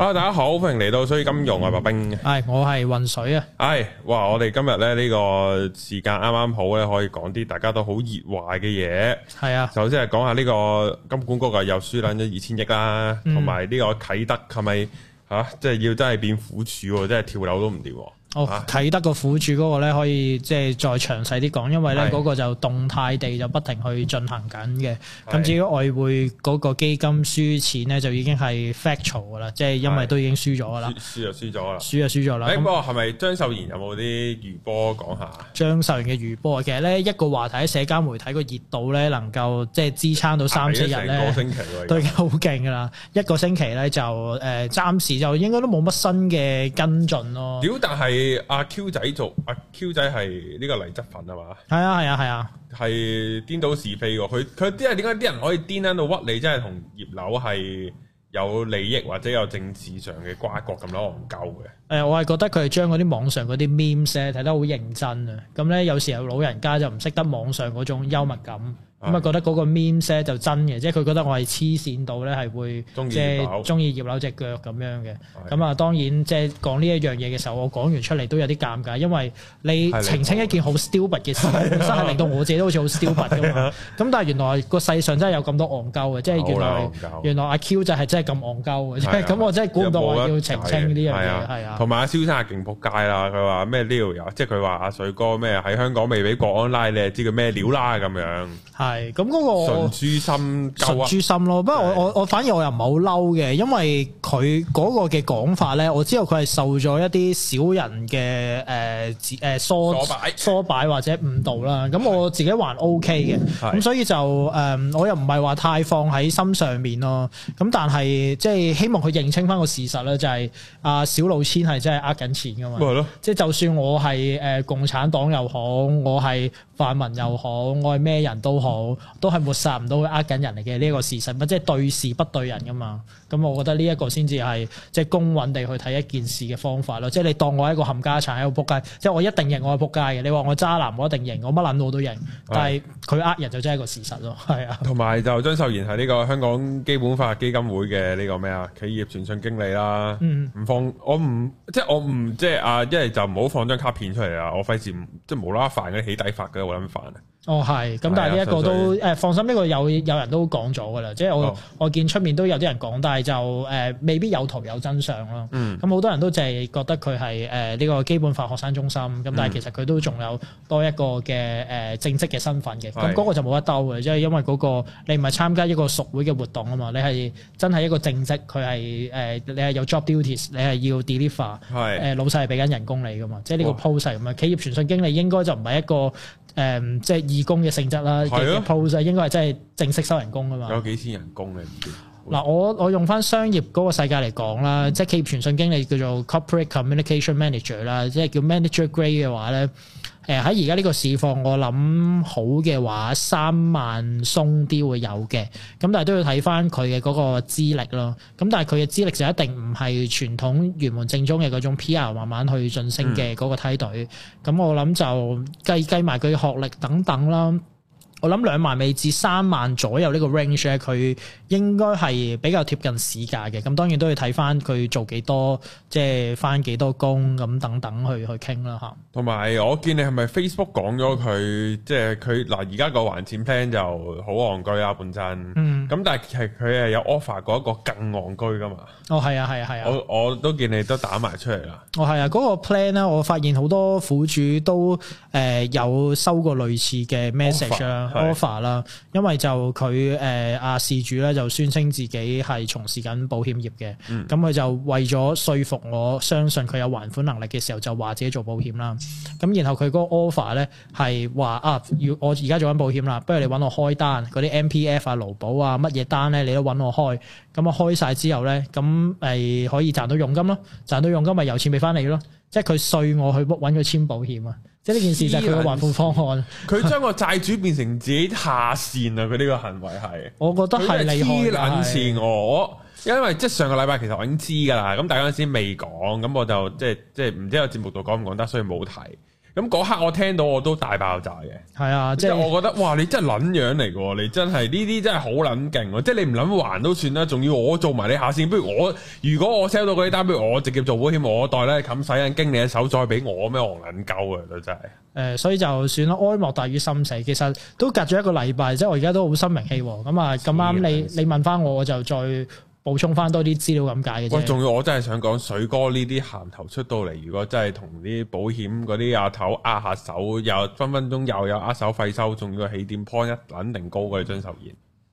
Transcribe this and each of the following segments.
啊！大家好，歡迎嚟到《水與金融》啊、嗯，白兵兵。係、哎，我係渾水啊。係、哎，哇！我哋今日咧呢個時間啱啱好咧，可以講啲大家都好熱話嘅嘢。係啊，首先係講下呢個金管局輸、嗯、是是啊，又輸撚咗二千億啦，同埋呢個啟德係咪吓，即係要真係變苦主，真係跳樓都唔掂。哦，啟德個苦主嗰個咧，可以即係再詳細啲講，因為咧嗰個就動態地就不停去進行緊嘅。咁是至於外匯嗰個基金輸錢咧，就已經係 factual 噶啦，即、就、係、是、因為都已經輸咗噶啦。輸就輸咗啦。輸就輸咗啦。是不過係咪張秀賢有冇啲餘波講下？張秀賢嘅餘波啊，其實咧一個話題，社交媒體個熱度咧，能夠即係支撐到三四日咧，對，好勁噶啦。一個星期咧就誒、呃，暫時就應該都冇乜新嘅跟進咯。屌，但係。阿、啊、Q 仔做，阿、啊、Q 仔係呢個泥質粉係嘛？係啊係啊係啊，係顛、啊啊、倒是非喎。佢佢啲係點解啲人可以顛喺度屈你？真係同葉劉係有利益或者有政治上嘅瓜葛咁我唔夠嘅？誒，我係、哎、覺得佢係將嗰啲網上嗰啲 meme 嘅睇得好認真啊。咁咧，有時啊老人家就唔識得網上嗰種幽默感。咁啊，覺得嗰個 meme 咧就真嘅，即係佢覺得我係黐線到咧，係會即係中意葉扭隻腳咁樣嘅。咁啊，當然即係講呢一樣嘢嘅時候，我講完出嚟都有啲尷尬，因為你澄清一件好 stupid 嘅事，真係厲令到我自己都好似好 stupid 㗎嘛。咁但係原來個世上真係有咁多戇鳩嘅，即係的原來的原來阿 Q 就係真係咁戇鳩嘅。咁、啊、我真係估唔到我要澄清呢樣嘢，係啊。同埋阿蕭生係勁仆街啦，佢話咩料又，即係佢話阿水哥咩喺香港未俾國安拉，你係知佢咩料啦咁樣。係咁嗰個純誅心，純誅、啊、心咯。不過我我我反而我又唔係好嬲嘅，因為佢嗰個嘅講法咧，我知道佢係受咗一啲小人嘅誒誒唆擺、唆擺或者誤導啦。咁我自己還 OK 嘅，咁的所以就誒、呃、我又唔係話太放喺心上面咯。咁但係即係希望佢認清翻個事實咧，就係、是、阿小老千係真係呃緊錢㗎嘛。係咯的，即係就算我係誒共產黨又好，我係泛民又好，我係咩人都好。 都係抹殺唔到佢呃緊人嚟嘅呢一個事實，咪即係對事不對人噶嘛。咁我覺得呢一個先至係即係公允地去睇一件事嘅方法咯。即係你當我喺個冚家鏟喺度仆街，即係我一定認，我係仆街嘅。你話我渣男，我一定認，我乜卵我都認。但係佢呃人就真係一個事實咯，係是啊。同埋就張秀賢係呢個香港基本法基金會嘅呢個咩啊企業傳訊經理啦。唔、嗯、放我唔即係我唔即係啊，一係就唔好放張卡片出嚟啊。我費事即係無啦啦煩起底法，嘅。我諗煩哦，係，咁但係呢一個都，誒， 放心，呢、這個有有人都講咗噶啦，即係我、哦、我見出面都有啲人講，但係就誒、呃、未必有圖有真相咯。嗯，咁好多人都淨係覺得佢係誒呢個基本法學生中心，咁但係其實佢都仲有多一個嘅誒正職嘅身份嘅，咁嗰、嗯、個就冇得兜嘅，即係因為嗰、那個你唔係參加一個熟會嘅活動啊嘛，你係真係一個正職，佢係誒你係有 job duties，你係要 deliver，係、嗯，誒、嗯、老細係俾緊人工你噶嘛，即係呢個 pose 咁啊。企業傳訊經理應該就唔係一個誒即係。呃呃呃呃義工嘅性質啦，其實嘅 pose 就應該係真係正式收人工噶嘛。有幾千人工呢嗱，我我用翻商業嗰個世界嚟講啦，即係企業傳訊經理叫做 corporate communication manager 啦 Man，即係叫 manager grade 嘅話咧。誒喺而家呢個市況，我諗好嘅話，三萬鬆啲會有嘅，咁但係都要睇返佢嘅嗰個資歷咯。咁但係佢嘅資歷就一定唔係傳統原門正宗嘅嗰種 PR 慢慢去晉升嘅嗰個梯隊。咁、嗯、我諗就計計埋佢學歷等等啦。我諗兩萬未至三萬左右呢個 range 咧，佢應該係比較貼近市價嘅。咁當然都要睇翻佢做幾多，即係翻幾多工咁等等去去傾啦嚇。同埋我見你係咪 Facebook 講咗佢，嗯、即係佢嗱而家個還錢 plan 就好戇居啊本身。嗯。咁但係其實佢係有 offer 嗰一個更戇居噶嘛？哦，係啊，係啊，係啊。我我都見你都打埋出嚟啦。哦，係啊，嗰、嗰個 plan 咧，我發現好多苦主都誒有收過類似嘅 message 啦。offer 啦，因為就佢誒阿事主咧就宣稱自己係從事緊保險業嘅，咁佢、嗯、就為咗說服我相信佢有還款能力嘅時候，就話自己做保險啦。咁然後佢嗰個 offer 咧係話啊，要我而家做緊保險啦，不如你揾我開單嗰啲 MPF 啊、勞保啊乜嘢單咧，你都揾我開。咁我開晒之後咧，咁係可以賺到佣金咯，賺到佣金咪有錢俾翻你咯。即係佢稅我去搵佢簽保險啊！即係呢件事就係佢嘅還款方案。佢將個債主變成自己下線啊！佢呢個行為係， 我覺得係你害。黐捻線我，因爲即係上個禮拜其實我已經知噶啦，咁大家嗰陣時未講，咁我就即係即係唔知有節目度講唔講得，所以冇提。咁嗰刻我聽到我都大爆炸嘅，係啊，即、就、係、是、我覺得哇，你真係卵樣嚟嘅，你真係呢啲真係好卵勁，即係你唔捻還都算啦，仲要我做埋你下線，不如我如果我 sell 到嗰啲單，嗯、不如我直接做保險一呢，我代咧冚洗人經理嘅手再俾我咩？我卵鳩啊，都真係。誒、呃，所以就算啦，哀莫大於心死。其實都隔咗一個禮拜，即係我而家都好心明氣喎。咁啊，咁啱人你你問翻我，我就再。補充翻多啲資料咁解嘅啫。喂，仲要，我真係想講水哥呢啲鹹頭出到嚟，如果真係同啲保險嗰啲阿頭握下手，又分分鐘又有握手費收，仲要起點 point 一捻定高過張秀賢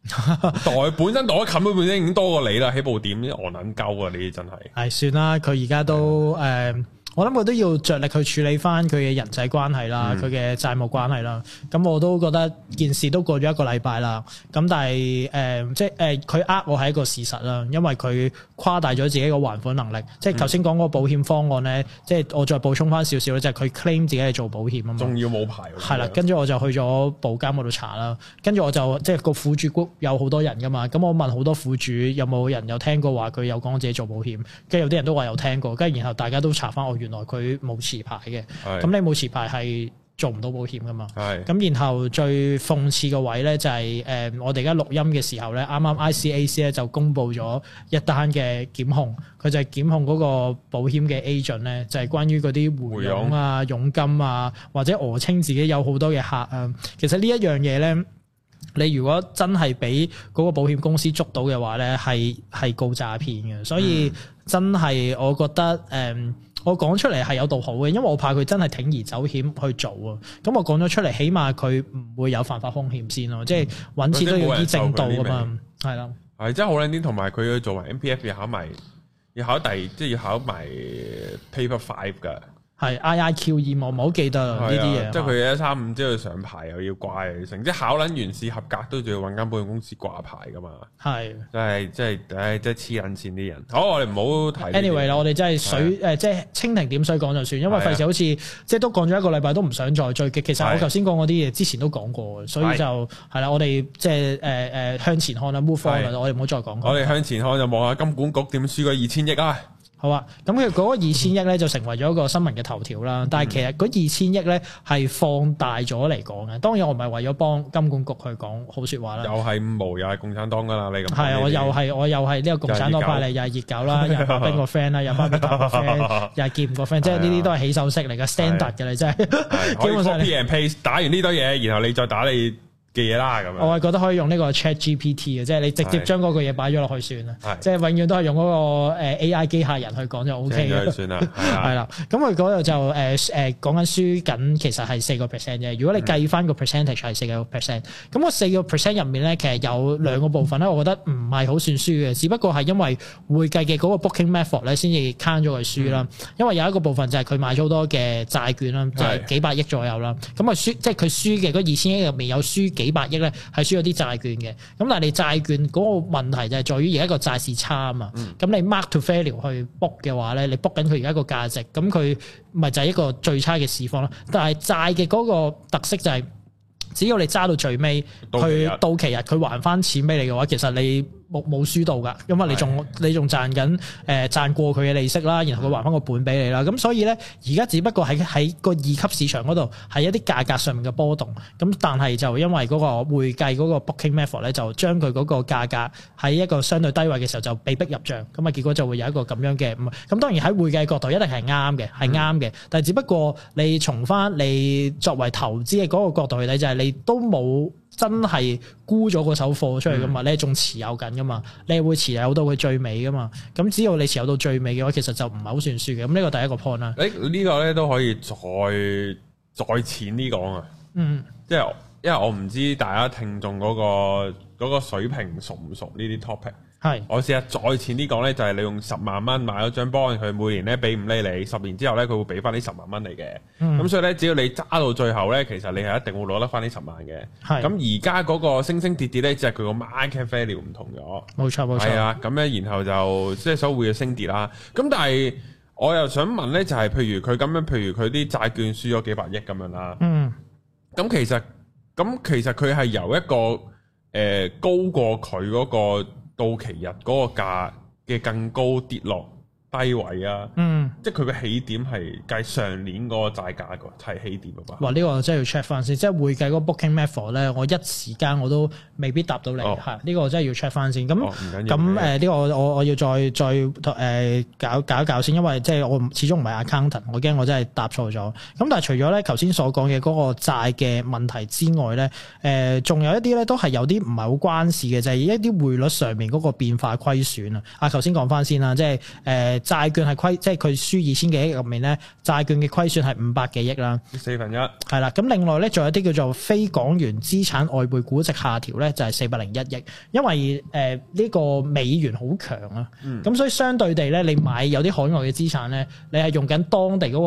代本身袋冚咗，本身已經多過你啦，起部點我捻鳩啊，你真係。係算啦，佢而家都誒。我諗我都要着力去處理翻佢嘅人際關係啦，佢嘅、嗯、債務關係啦。咁我都覺得件事都過咗一個禮拜啦。咁但係誒、呃，即係誒，佢呃我係一個事實啦。因為佢誇大咗自己個還款能力。即係頭先講嗰個保險方案咧，嗯、即係我再補充翻少少咧，就係、是、佢 claim 自己係做保險啊嘛。仲要冇牌。係啦，跟住我就去咗保監嗰度查啦。跟住我就即係個苦主有好多人噶嘛。咁我問好多苦主有冇人有聽過話佢有講自己做保險？跟住有啲人都話有聽過。跟住然後大家都查翻我原來原來原來佢冇持牌嘅，咁的你冇持牌係做唔到保險㗎嘛。咁的然後最諷刺個位咧就係、是、誒、呃，我哋而家錄音嘅時候咧，啱啱 ICAC 咧就公布咗一單嘅檢控，佢就係檢控嗰個保險嘅 agent 咧，就係、是、關於嗰啲回佣啊、應佣金啊，或者訛稱自己有好多嘅客誒、啊。其實呢一樣嘢咧，你如果真係俾嗰個保險公司捉到嘅話咧，係係告詐騙嘅。所以真係我覺得誒。嗯我講出嚟係有道好嘅，因為我怕佢真係鋌而走險去做啊！咁我講咗出嚟，起碼佢唔會有犯法風險先咯，即係揾錢都要啲正道㗎嘛，係啦、嗯。係真係好靚啲，同埋佢要做埋 M P F，要考埋，要考第，即係要考埋 Paper Five 㗎。係 I I Q 二望唔好記得呢啲嘢。即係佢一三五之後要上牌又要掛成，即係考撚完試合格都仲要揾間保險公司掛牌㗎嘛。係、啊，即係即係，唉、哎，即係黐撚線啲人。好，我哋唔好提。Anyway 啦，我哋真係水，誒、啊，即係蜻蜓點水講就算，因為費事好似即係都講咗一個禮拜都唔想再追擊。其實我頭先講嗰啲嘢之前都講過，所以就係啦，啊啊、我哋即係誒誒向前看啦，move on 啦、啊，我哋唔好再講、啊。我哋向前看就望下金管局點輸過二千億啊！好啊，咁佢嗰二千億咧就成為咗一個新聞嘅頭條啦。但係其實嗰二千億咧係放大咗嚟講嘅。當然我唔係為咗幫金管局去講好説話啦。又係五毛，又係共產黨㗎啦，你咁係啊？我又係我又係呢個共產黨派嚟，又係熱狗啦，又孖邊個 friend 啦，又孖邊個 friend，又係見唔個 friend，即係呢啲都係起手式嚟噶，standard 㗎啦，真係基本上 PMP 打完呢堆嘢，然後你再打你。嘅嘢啦，咁樣我係覺得可以用呢個 ChatGPT 嘅，即係你直接將嗰個嘢擺咗落去算啦，的即係永遠都係用嗰個 AI 機械人去講就 O K 算啦，係啦。咁佢嗰度就誒誒講緊輸緊，其實係四個 percent 啫。如果你計翻個 percentage 係四個 percent，咁我四個 percent 入面咧，其實有兩個部分咧，我覺得唔係好算輸嘅，只不過係因為會計嘅嗰個 booking method 咧，先至 count 咗佢輸啦。因為有一個部分就係佢買咗好多嘅債券啦，就係、是、幾百億左右啦。咁啊的、嗯、輸，即係佢輸嘅嗰二千億入面有輸幾？幾百億咧係需要啲債券嘅，咁但係你債券嗰個問題就係在於而家個債市差啊嘛，咁、嗯、你 mark to fair value 去 book 嘅話咧，你 book 緊佢而家個價值，咁佢咪就係一個最差嘅市況咯。但係債嘅嗰個特色就係，只要你揸到最尾，佢到期日佢還翻錢俾你嘅話，其實你。冇冇輸到㗎，因為你仲的你仲賺緊，誒、呃、賺過佢嘅利息啦，然後佢還翻個本俾你啦，咁的所以咧，而家只不過喺喺個二級市場嗰度，係一啲價格上面嘅波動，咁但係就因為嗰個會計嗰個 booking method 咧，就將佢嗰個價格喺一個相對低位嘅時候就被逼入帳，咁啊結果就會有一個咁樣嘅，咁當然喺會計角度一定係啱嘅，係啱嘅，但係只不過你從翻你作為投資嘅嗰個角度去睇就係你都冇真係沽咗嗰首貨出嚟㗎嘛？你仲持有緊㗎嘛？你會持有到佢最尾㗎嘛？咁只要你持有到最尾嘅話，其實就唔係好算輸嘅。咁呢個第一個 point 啦。誒，呢個咧都可以再再淺啲講啊。嗯，即係因為我唔知大家聽眾嗰個嗰個水平熟唔熟呢啲 topic。係，是我試下再淺啲講咧，就係、是、你用十萬蚊買咗張 bond 佢每年咧俾唔理你，十年之後咧佢會俾翻啲十萬蚊你嘅。咁、嗯、所以咧，只要你揸到最後咧，其實你係一定會攞得翻呢十萬嘅。係是，咁而家嗰個升升跌跌咧，只係佢個 market value 唔同咗。冇錯冇錯，係啊。咁咧，然後就即係收匯要升跌啦。咁但係我又想問咧，就係、是、譬如佢咁樣，譬如佢啲債券輸咗幾百億咁樣啦。嗯，咁其實咁其實佢係由一個誒、呃、高過佢嗰、那個。到期日嗰個價嘅更高跌落。低位啊，嗯，即係佢嘅起點係計上年嗰個債價個，係起點啊嘛。哇，呢、這個真係要 check 翻先，即係會計嗰個 booking method 咧，我一時間我都未必答到你吓，呢個真係要 check 翻先。咁唔緊要，咁誒，呢、這個我、哦、我我要再再誒、呃、搞搞一搞先，因為即係我始終唔係 accountant，我驚我真係答錯咗。咁但係除咗咧，頭先所講嘅嗰個債嘅問題之外咧，誒、呃，仲有一啲咧都係有啲唔係好關事嘅，就係、是、一啲匯率上面嗰個變化虧損啊。阿頭先講翻先啦，即係誒。就是債券係虧，即係佢輸二千幾億入面咧，債券嘅虧損係五百幾億啦，四分一係啦。咁另外咧，仲有啲叫做非港元資產外匯估值下調咧，就係四百零一億。因為誒呢、呃這個美元好強啊，咁、嗯、所以相對地咧，你買有啲海外嘅資產咧，你係用緊當地嗰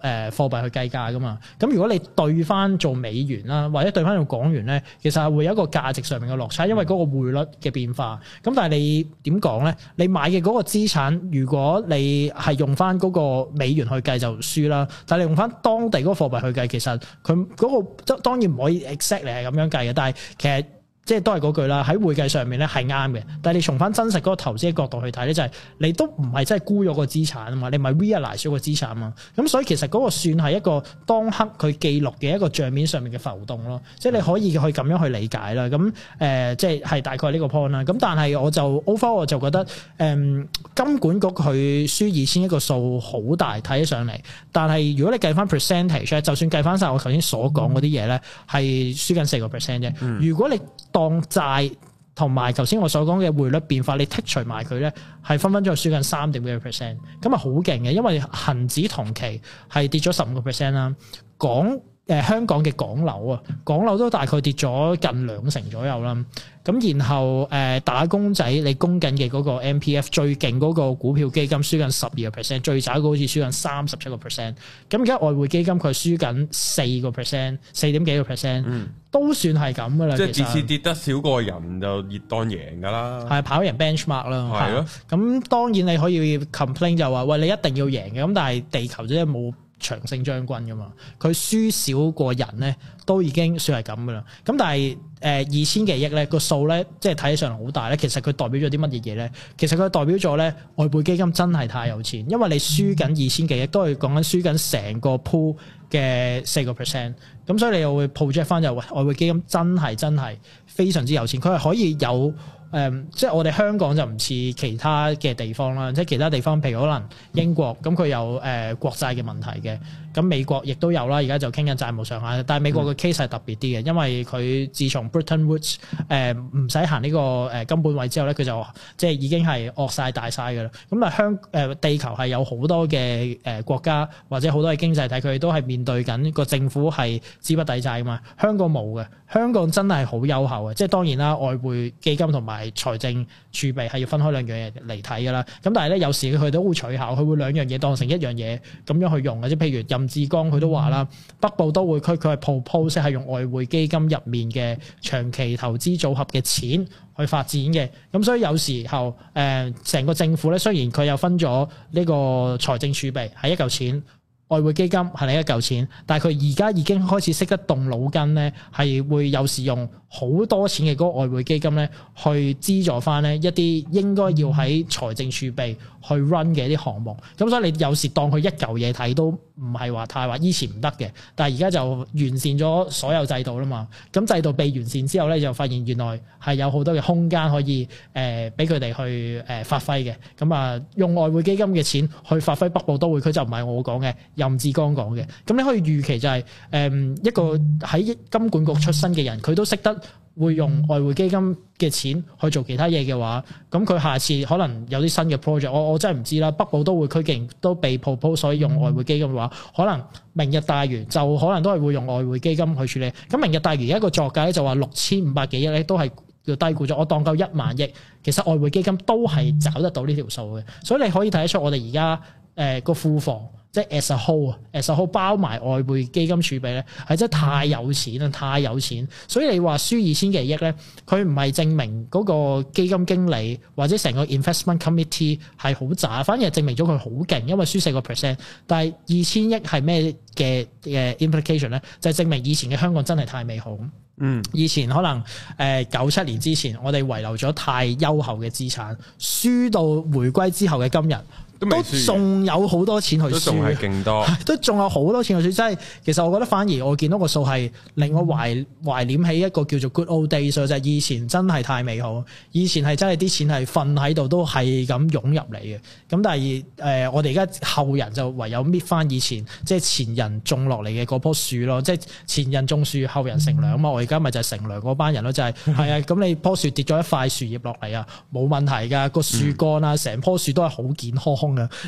個誒貨幣去計價噶嘛。咁如果你兌翻做美元啦，或者兌翻做港元咧，其實係會有一個價值上面嘅落差，因為嗰個匯率嘅變化。咁但係你點講咧？你買嘅嗰個資產如果你係用翻嗰個美元去計就輸啦，但係你用翻當地嗰個貨幣去計，其實佢嗰個當然唔可以 exactly，你係咁樣計嘅，但係其實。即係都係嗰句啦，喺會計上面咧係啱嘅，但係你從翻真實嗰個投資嘅角度去睇咧，就係、是、你都唔係真係沽咗個資產啊嘛，你唔係 realize 咗個資產啊嘛，咁所以其實嗰個算係一個當刻佢記錄嘅一個帳面上面嘅浮動咯，即係你可以去咁樣去理解啦。咁誒、呃，即係係大概呢個 point 啦。咁但係我就 overall 我就覺得誒、嗯、金管局佢輸二千一個數好大，睇得上嚟，但係如果你計翻 percentage，就算計翻晒我頭先所講嗰啲嘢咧，係、嗯、輸緊四個 percent 啫。嗯、如果你，放債同埋頭先我所講嘅匯率變化，你剔除埋佢咧，係分分鐘係輸緊三點幾個 percent，咁啊好勁嘅，因為恒指同期係跌咗十五個 percent 啦，講。誒、呃、香港嘅港樓啊，港樓都大概跌咗近兩成左右啦。咁然後誒、呃、打工仔你供緊嘅嗰個 M P F 最勁嗰個股票基金輸，輸緊十二個 percent，最渣嗰好似輸緊三十七個 percent。咁而家外匯基金佢輸緊四個 percent，四點幾個 percent，、嗯、都算係咁噶啦。即係次次跌得少過人就當贏噶啦。係跑贏 benchmark 啦。係咯的。咁、啊、當然你可以 complain 就話喂你一定要贏嘅，咁但係地球真係冇。長勝將軍噶嘛？佢輸少過人咧，都已經算係咁噶啦。咁但係誒、呃、二千幾億咧，個數咧，即係睇起上嚟好大咧。其實佢代表咗啲乜嘢嘢咧？其實佢代表咗咧，外匯基金真係太有錢。因為你輸緊二千幾億，都係講緊輸緊成個 pool 嘅四個 percent。咁所以你又會 project 翻就話外匯基金真係真係非常之有錢。佢係可以有。誒，um, 即係我哋香港就唔似其他嘅地方啦，即係其他地方，譬如可能英國，咁佢有誒、呃、國債嘅問題嘅。咁美國亦都有啦，而家就傾緊債務上限。但係美國嘅 case 係特別啲嘅，因為佢自從 Bretton Woods 誒唔使行呢個誒金本位之後咧，佢就即係已經係惡晒大晒㗎啦。咁啊香誒地球係有好多嘅誒國家或者好多嘅經濟體，佢哋都係面對緊個政府係資不抵債㗎嘛。香港冇嘅，香港真係好有厚嘅。即係當然啦，外匯基金同埋財政儲備係要分開兩樣嘢嚟睇㗎啦。咁但係咧有時佢都會取巧，佢會兩樣嘢當成一樣嘢咁樣去用嘅。即譬如任志剛佢都話啦，嗯、北部都會區佢係 propose 係用外匯基金入面嘅長期投資組合嘅錢去發展嘅。咁所以有時候誒，成、呃、個政府咧，雖然佢又分咗呢個財政儲備係一嚿錢，外匯基金係另一嚿錢，但係佢而家已經開始識得動腦筋咧，係會有時用好多錢嘅嗰個外匯基金咧去資助翻咧一啲應該要喺財政儲備去 run 嘅一啲項目。咁、嗯、所以你有時當佢一嚿嘢睇都。唔係話太話以前唔得嘅，但係而家就完善咗所有制度啦嘛。咁制度被完善之後咧，就發現原來係有好多嘅空間可以誒俾佢哋去誒、呃、發揮嘅。咁啊，用外匯基金嘅錢去發揮北部都會區就唔係我講嘅，任志剛講嘅。咁你可以預期就係、是、誒、呃、一個喺金管局出身嘅人，佢都識得。會用外匯基金嘅錢去做其他嘢嘅話，咁佢下次可能有啲新嘅 project，我我真係唔知啦。北部都會區勁都被 proposal，所以用外匯基金嘅話，可能明日大嶼就可能都係會用外匯基金去處理。咁明日大嶼而家個作價咧就話六千五百幾億咧都係要低估咗，我當夠一萬億，其實外匯基金都係找得到呢條數嘅，所以你可以睇得出我哋而家誒個庫房，即係 as a whole 啊，as a whole 包埋外匯基金儲備咧，係真係太有錢啊！太有錢，所以你話輸二千幾億咧，佢唔係證明嗰個基金經理或者成個 investment committee 係好渣，反而係證明咗佢好勁，因為輸四個 percent。但係二千億係咩嘅嘅 implication 咧？就係證明以前嘅香港真係太美好。嗯，以前可能誒九七年之前，我哋遺留咗太優厚嘅資產，輸到回歸之後嘅今日。都仲有好多錢去輸，都仲係勁多，都仲有好多錢去輸。真係，其實我覺得反而我見到個數係令我懷懷念起一個叫做 Good Old Days 咯，就係以前真係太美好。以前係真係啲錢係瞓喺度，都係咁湧入嚟嘅。咁但係誒、呃，我哋而家後人就唯有搣翻以前，即、就、係、是、前人種落嚟嘅嗰棵樹咯。即、就、係、是、前人種樹，後人乘涼嘛。我而家咪就係乘涼嗰班人咯，就係係啊。咁 你棵樹跌咗一塊樹葉落嚟啊，冇問題㗎。個樹幹啊，成棵樹都係好健康。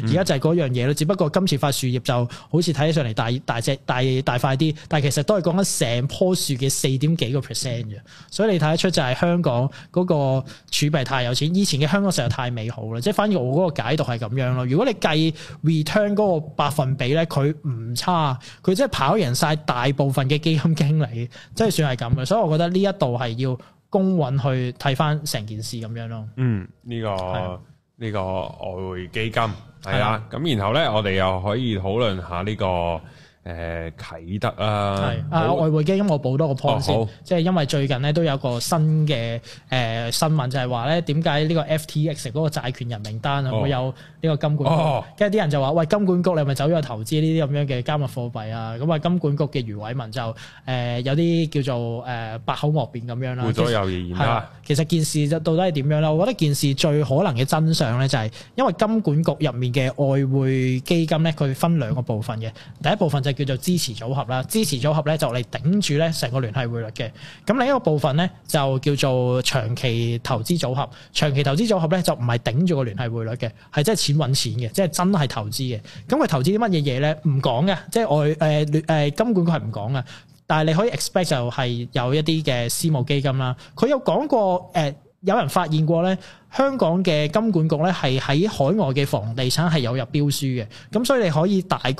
而家就係嗰樣嘢咯，只不過今次塊樹葉就好似睇起上嚟，大大隻大大塊啲，但係其實都係講緊成樖樹嘅四點幾個 percent 嘅，所以你睇得出就係香港嗰個儲備太有錢，以前嘅香港實在太美好啦，即係反而我嗰個解讀係咁樣咯。如果你計 return 嗰個百分比咧，佢唔差，佢即係跑贏晒大部分嘅基金經理，即係算係咁嘅。所以我覺得呢一度係要公允去睇翻成件事咁樣咯。嗯、呢、這個。呢個外匯基金係啦，咁、嗯、然後呢，我哋又可以討論下呢、這個。誒，啟、呃、德啊，係是好啊，外匯基金我補多個 point 先，即係、哦、因為最近咧都有個新嘅誒、呃、新聞，就係話咧點解呢個 FTX 嗰個債權人名單啊會有呢個金管局，跟住啲人就話喂，金管局你係咪走咗去投資呢啲咁樣嘅加密貨幣啊，咁、嗯、啊金管局嘅余偉文就誒、呃、有啲叫做誒、呃、百口莫辯咁樣啦，互咗而言其實件事就到底係點樣咧？我覺得件事最可能嘅真相咧就係因為金管局入面嘅外匯基金咧，佢分兩個部分嘅，第一部分就是。叫做支持組合啦，支持組合咧就嚟頂住咧成個聯繫匯率嘅。咁另一個部分咧就叫做長期投資組合，長期投資組合咧就唔係頂住個聯繫匯率嘅，係、即係、真係錢搵錢嘅，即係真係投資嘅。咁佢投資啲乜嘢嘢咧？唔講嘅，即係我，誒、呃、誒，金管局係唔講嘅。但係你可以 expect 就係有一啲嘅私募基金啦。佢有講過誒、呃，有人發現過咧。香港嘅金管局咧，係喺海外嘅房地產係有入標書嘅，咁所以你可以大概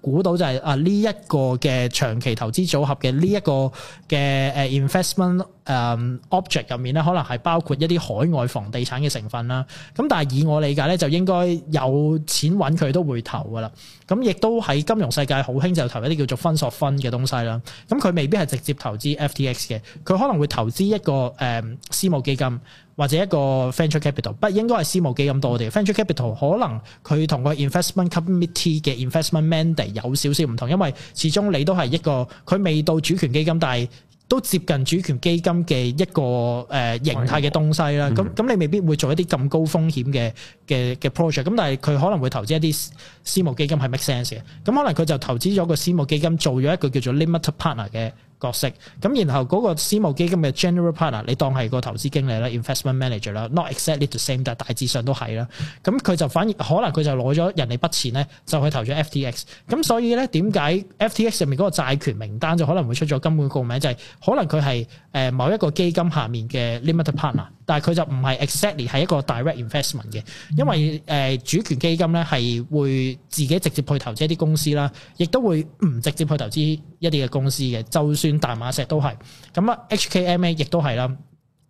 估到就係啊呢一個嘅長期投資組合嘅呢一個嘅誒 investment 誒 object 入面咧，可能係包括一啲海外房地產嘅成分啦。咁但係以我理解咧，就應該有錢揾佢都會投㗎啦。咁亦都喺金融世界好興就投一啲叫做 fund of fund 嘅東西啦。咁佢未必係直接投資 FTX 嘅，佢可能會投資一個誒、嗯、私募基金。或者一個 venture capital，不應該係私募基金多啲。venture capital 可能佢同個 investment committee 嘅 investment mandate 有少少唔同，因為始終你都係一個佢未到主權基金，但係都接近主權基金嘅一個誒形態嘅東西啦。咁咁你未必會做一啲咁高風險嘅嘅嘅 project。咁但係佢可能會投資一啲私募基金係 make sense 嘅。咁可能佢就投資咗個私募基金，做咗一個叫做 limited partner 嘅。角色咁，然後嗰個私募基金嘅 general partner，你當係個投資經理啦，investment manager 啦，not exactly the same，但大致上都係啦。咁佢就反而可能佢就攞咗人哋筆錢咧，就去投咗 FTX。咁所以咧，點解 FTX 上面嗰個債權名單就可能會出咗根本個名，就係、是、可能佢係誒某一個基金下面嘅 limited partner，但係佢就唔係 exactly 係一個 direct investment 嘅，因為誒、呃、主權基金咧係會自己直接去投資一啲公司啦，亦都會唔直接去投資一啲嘅公司嘅，就算。大馬石都係咁啊 HKMA 亦都係啦。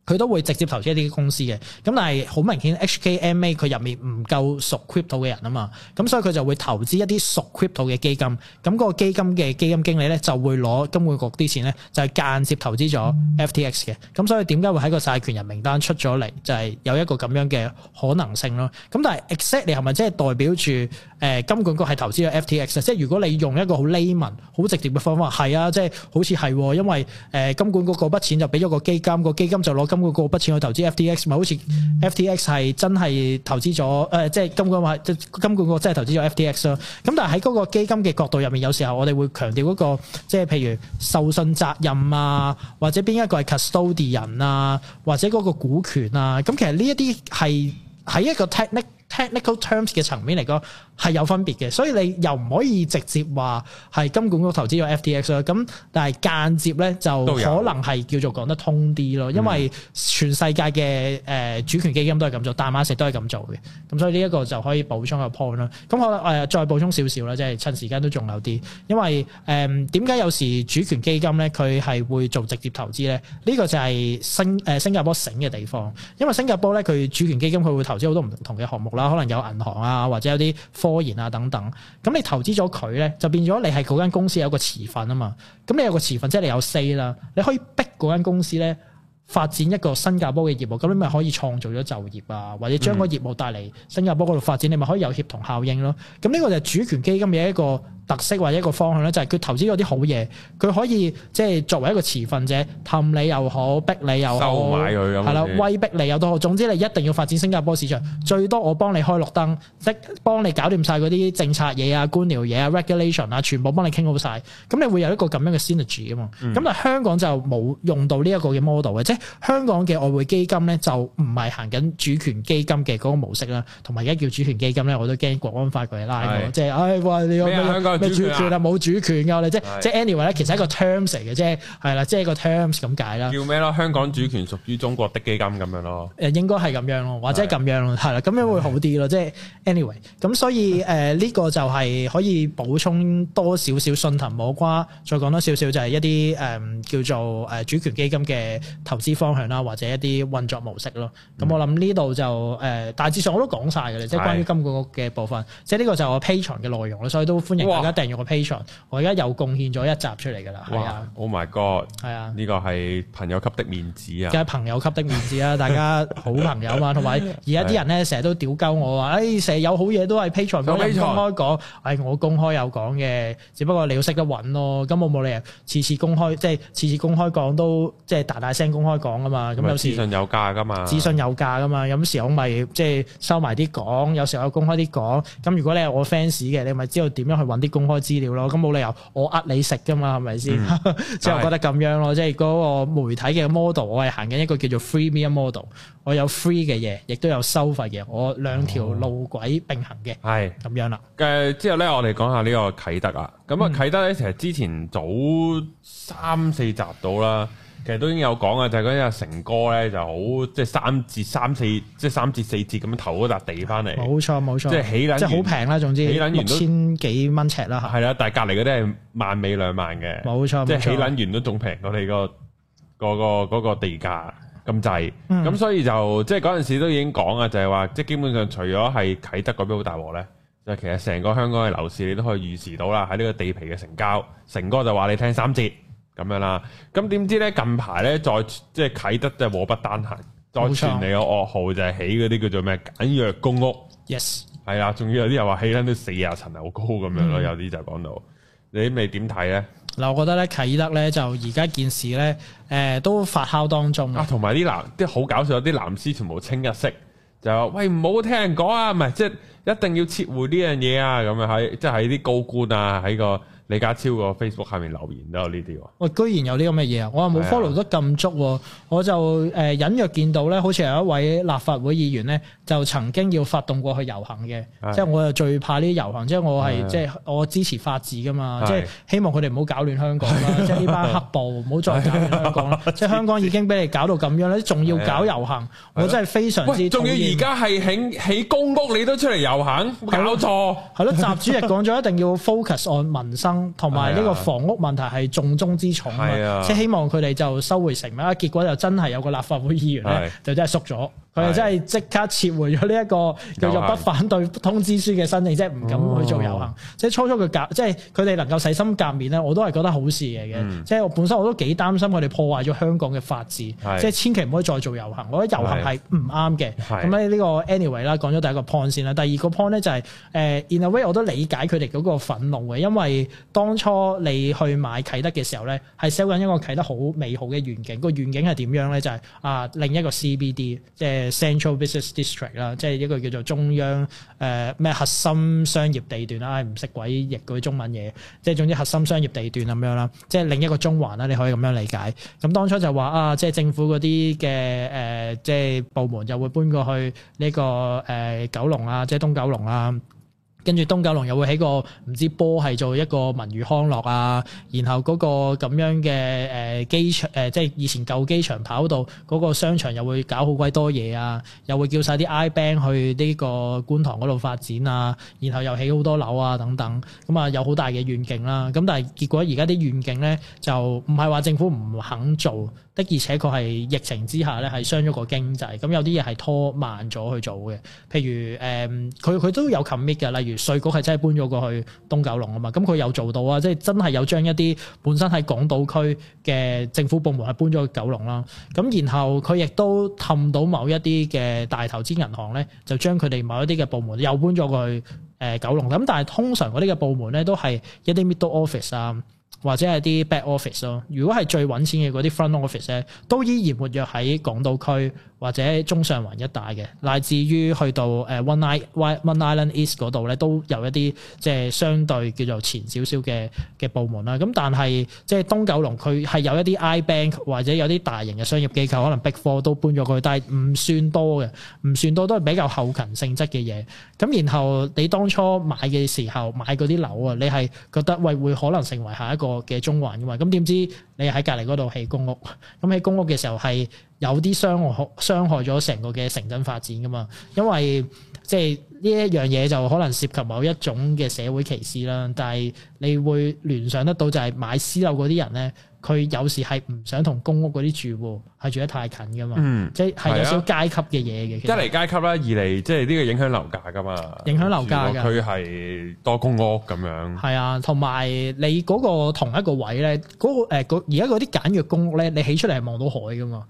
佢都會直接投資一啲公司嘅，咁但係好明顯 HKMA 佢入面唔夠熟 crypto 嘅人啊嘛，咁所以佢就會投資一啲熟 crypto 嘅基金，咁嗰個基金嘅基金經理咧就會攞金管局啲錢咧就係、是、間接投資咗 FTX 嘅，咁所以點解會喺個債權人名單出咗嚟？就係、是、有一個咁樣嘅可能性咯。咁但係 except 你係咪即係代表住誒、呃、金管局係投資咗 FTX？即係如果你用一個好 layman 好直接嘅方法，係啊，即、就、係、是、好似係、啊，因為誒、呃、金管局嗰筆錢就俾咗個基金，個基金就攞。金管局不錢去投資 FTX 咪好似 FTX 係真係投資咗誒，即係金管局話金管局真係投資咗 FTX 咯。咁但係喺嗰個基金嘅角度入面，有時候我哋會強調嗰、嗰個，即係譬如受信責任啊，或者邊一個係 custody 人啊，或者嗰個股權啊。咁其實呢一啲係喺一個 technical technical terms 嘅層面嚟講。係有分別嘅，所以你又唔可以直接話係金管局投資咗 FTX 啦。咁但係間接咧就可能係叫做講得通啲咯，因為全世界嘅誒主權基金都係咁做，大馬石都係咁做嘅。咁所以呢一個就可以補充個 point 啦。咁我誒再補充少少啦，即係趁時間都仲有啲。因為誒點解有時主權基金咧佢係會做直接投資咧？呢個就係新誒新加坡醒嘅地方，因為新加坡咧佢主權基金佢會投資好多唔同嘅項目啦，可能有銀行啊或者有啲。科研啊等等，咁你投資咗佢咧，就變咗你係嗰間公司有個持份啊嘛。咁你有個持份，即係你有 say 啦，你可以逼嗰間公司咧發展一個新加坡嘅業務。咁你咪可以創造咗就業啊，或者將個業務帶嚟新加坡嗰度發展，你咪可以有協同效應咯。咁呢個就係主權基金嘅一個特色或者一個方向咧，就係佢投資咗啲好嘢，佢可以即係作為一個持份者氹你又好，逼你又好，收買佢咁，係啦，威逼你又都好。總之你一定要發展新加坡市場，嗯、最多我幫你開綠燈，即係幫你搞掂晒嗰啲政策嘢啊、官僚嘢啊、regulation 啊，全部幫你傾好晒。咁你會有一個咁樣嘅 synergy 啊嘛、嗯。咁但香港就冇用到呢一個嘅 model 嘅，即係香港嘅外匯基金咧就唔係行緊主權基金嘅嗰個模式啦，同埋而家叫主權基金咧，我都驚國安法佢拉我，即係唉喂，你有咩香港？麼麼主權啊？冇主權噶，我哋即是即 anyway 咧，其實係一個 terms 嚟嘅，即係係啦，即係、就是、個 terms 咁解啦。叫咩咯？香港主權屬於中國的基金咁樣咯。誒，應該係咁樣咯，或者咁樣咯，係啦是，咁樣會好啲咯。即係 anyway，咁所以誒呢是、呃這個就係可以補充多少少順藤摸瓜，再講多少少就係一啲誒、呃、叫做誒主權基金嘅投資方向啦，或者一啲運作模式咯。咁我諗呢度就誒、呃、大致上我都講晒嘅啦，即係是關於金管局嘅部分，即係呢個就我 Patreon 嘅內容啦，所以都歡迎。而家訂咗個 Patreon，我而家又貢獻咗一集出嚟㗎啦。哇！Oh my god！係啊，呢個係朋友級的面子啊！梗係朋友級的面子啦，大家好朋友啊嘛。同埋而家啲人咧，成日都屌鳩我啊，誒成日有好嘢都係 Patreon 公開講，誒我公開有講嘅，只不過你要識得揾咯。咁我冇理由次次公開，即係次次公開講都即係大大聲公開講啊嘛。咁有時資訊有價㗎嘛，資訊有價㗎嘛。有時我咪即係收埋啲講，有時我公開啲講。咁如果你係我 fans 嘅，你咪知道點樣去揾啲公開資料咯，咁冇理由我呃你食㗎嘛，係咪先？即係我覺得咁樣咯，即係嗰個媒體嘅 model，我係行緊一個叫做 Freemium Model，我有 free 嘅嘢，亦都有收費嘅，我兩條路軌並行嘅，係咁、嗯、樣啦。誒，之後咧，我哋講下個啟啟呢個啟德啊。咁啊，啟德咧，其實之前早三四集到啦。嗯嗯其實都已經有講啊，就係嗰陣時成哥咧就好，即係三折三四，即係三折四折咁樣投嗰笪地翻嚟。冇錯冇錯，錯，即係起撚，即係好平啦，總之起撚完都六千幾蚊尺啦吓。係啦，但係隔籬嗰啲係萬美兩萬嘅。冇錯錯即係起撚完都仲平過、嗰個。我、嗰、你個嗰、嗰個、嗰個地價咁滯，咁、嗯、所以就即係嗰陣時都已經講啊，就係話，即係基本上除咗係啟德嗰邊好大鑊咧，就是、其實成個香港嘅樓市你都可以預示到啦，喺呢個地皮嘅成交，成哥就話你聽三折。咁樣啦，咁點知咧？近排咧，再即係啟德，即係禍不單行，錯再傳嚟個噩耗，就係起嗰啲叫做咩簡約公屋。Yes，係啊，仲要有啲人話起緊都四十層樓高咁樣咯，嗯、有啲就講到你未點睇咧？嗱、呃，我覺得咧，啟德咧就而家件事咧，誒、呃，都發酵當中啊。同埋啲藍，啲好搞笑，啲藍絲全部清一色，就話喂，唔好聽人講啊，唔係即係一定要撤回呢樣嘢啊，咁樣喺即係啲、就是、高官啊，喺個。李家超個 Facebook 下面留言都有呢啲喎，居然有呢咁嘅嘢啊！我又冇 follow 得咁足，我就誒隱約見到咧，好似有一位立法會議員咧，就曾經要發動過去遊行嘅。即係我又最怕呢啲遊行，即係我係即係我支持法治㗎嘛，即係希望佢哋唔好搞亂香港啦。即係呢班黑暴唔好再搞亂香港啦。即係香港已經俾你搞到咁樣咧，仲要搞遊行，我真係非常之仲要而家係喺起公屋，你都出嚟遊行？搞錯係咯？習主席講咗，一定要 focus on 民生。同埋呢個房屋問題係重中之重啊！哎、呀即係希望佢哋就收回成命啦，結果就真係有個立法會議員咧，哎、呀就真係縮咗。佢哋真係即刻撤回咗呢一個叫做不反對通知書嘅申請，是即係唔敢去做遊行。哦、即係初初佢夾，即係佢哋能夠洗心革面咧，我都係覺得好事嚟嘅。嗯、即係我本身我都幾擔心佢哋破壞咗香港嘅法治，是即係千祈唔可以再做遊行。我覺得遊行係唔啱嘅。咁喺呢個 anyway 啦，講咗第一個 point 先啦，第二個 point 咧就係、是、誒、呃、in a way 我都理解佢哋嗰個憤怒嘅，因為當初你去買啟德嘅時候咧，係 sell 緊一個啟德好美好嘅願景，個願景係點樣咧？就係、是、啊，另一個 CBD 即、呃、係。Central Business District 啦，即係一個叫做中央誒咩、呃、核心商業地段啦，唔識鬼譯嗰啲中文嘢，即係總之核心商業地段咁樣啦，即係另一個中環啦，你可以咁樣理解。咁當初就話啊，即係政府嗰啲嘅誒，即係部門就會搬過去呢、這個誒、呃、九龍啊，即係東九龍啊。跟住東九龍又會起個唔知波，係做一個文娛康樂啊，然後嗰個咁樣嘅誒機場誒、呃，即係以前舊機場跑道度嗰、嗰個商場又會搞好鬼多嘢啊，又會叫晒啲 I Bank 去呢個觀塘嗰度發展啊，然後又起好多樓啊等等，咁、嗯、啊有好大嘅願景啦。咁但係結果而家啲願景咧就唔係話政府唔肯做。的而且確係疫情之下咧，係傷咗個經濟。咁有啲嘢係拖慢咗去做嘅。譬如誒，佢、呃、佢都有 commit 嘅。例如稅局係真係搬咗過去東九龍啊嘛。咁佢有做到啊，即、就、係、是、真係有將一啲本身喺港島區嘅政府部門係搬咗去九龍啦。咁然後佢亦都氹到某一啲嘅大投資銀行咧，就將佢哋某一啲嘅部門又搬咗過去誒、呃、九龍。咁但係通常嗰啲嘅部門咧都係一啲 middle office 啊。或者係啲 back office 咯，如果係最揾錢嘅嗰啲 front office 咧，都依然活躍喺港島區。或者中上環一帶嘅，乃至於去到誒 One Island East 嗰度咧，都有一啲即係相對叫做前少少嘅嘅部門啦。咁但係即係東九龍佢係有一啲 I Bank 或者有啲大型嘅商業機構，可能 Big Four 都搬咗過去，但係唔算多嘅，唔算多都係比較後勤性質嘅嘢。咁然後你當初買嘅時候買嗰啲樓啊，你係覺得喂會可能成為下一個嘅中環㗎嘛？咁點知你喺隔離嗰度起公屋，咁起公屋嘅時候係，有啲傷害，傷害咗成個嘅城鎮發展㗎嘛？因為即係呢一樣嘢就可能涉及某一種嘅社會歧視啦。但係你會聯想得到就係買私樓嗰啲人咧。佢有時係唔想同公屋嗰啲住戶係住得太近噶嘛，嗯、即係有少階級嘅嘢嘅。一嚟階級啦，二嚟即係呢個影響樓價噶嘛，影響樓價佢係多公屋咁樣。係啊，同埋你嗰個同一個位咧，嗰、那個而家嗰啲簡約公屋咧，你起出嚟係望到海噶嘛？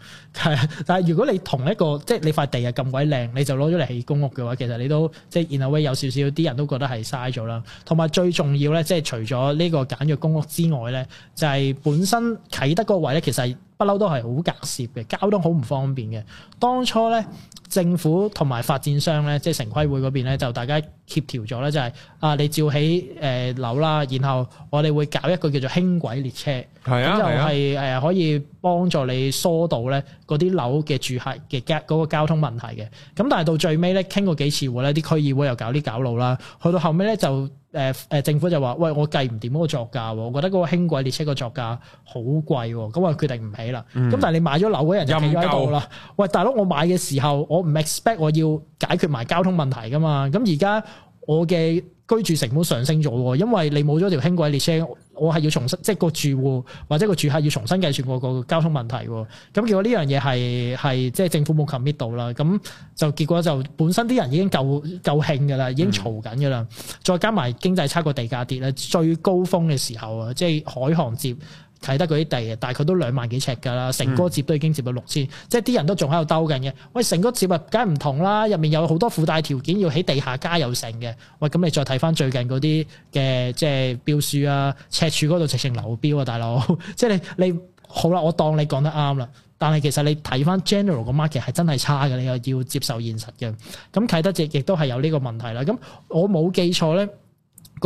但係如果你同一個即係你塊地係咁鬼靚，你就攞咗嚟起公屋嘅話，其實你都即係然 n t 有少少啲人都覺得係嘥咗啦。同埋最重要咧，即係除咗呢個簡約公屋之外咧，就係、是、本身。啟德嗰位咧，其實～不嬲都係好隔涉嘅，交通好唔方便嘅。當初咧，政府同埋發展商咧，即係城規會嗰邊咧，就大家協調咗咧、就是，就係啊，你照起誒樓啦，然後我哋會搞一個叫做輕軌列車，咁、啊、就係、是、誒、啊呃、可以幫助你疏導咧嗰啲樓嘅住客嘅交、那個、交通問題嘅。咁但係到最尾咧，傾過幾次會咧，啲區議會又搞啲搞路啦，去到後尾咧就誒誒、呃、政府就話：喂，我計唔掂嗰個作價，我覺得嗰個輕軌列車個作價好貴，咁我決定唔係。啦，咁、嗯、但係你買咗樓嘅人就企喺度啦。舊喂，大佬，我買嘅時候我唔 expect 我要解決埋交通問題噶嘛。咁而家我嘅居住成本上升咗，因為你冇咗條輕軌列車，我係要重新即係個住戶或者個住客要重新計算過個交通問題。咁結果呢樣嘢係係即係政府冇 commit 到啦。咁就結果就本身啲人已經夠夠興噶啦，已經嘈緊噶啦。嗯、再加埋經濟差過地價跌啦，最高峰嘅時候啊，即係海航接。啟德嗰啲地啊，大概都兩萬幾尺㗎啦，成個接都已經接到六千，即係啲人都仲喺度兜緊嘅。喂，成個接啊，梗係唔同啦，入面有好多附帶條件要喺地下加油站嘅。喂，咁你再睇翻最近嗰啲嘅即係標書啊，赤柱嗰度直情流標啊，大佬，即係你你好啦，我當你講得啱啦。但係其實你睇翻 general 個 market 係真係差嘅，你又要接受現實嘅。咁啟德隻亦都係有呢個問題啦。咁我冇記錯咧。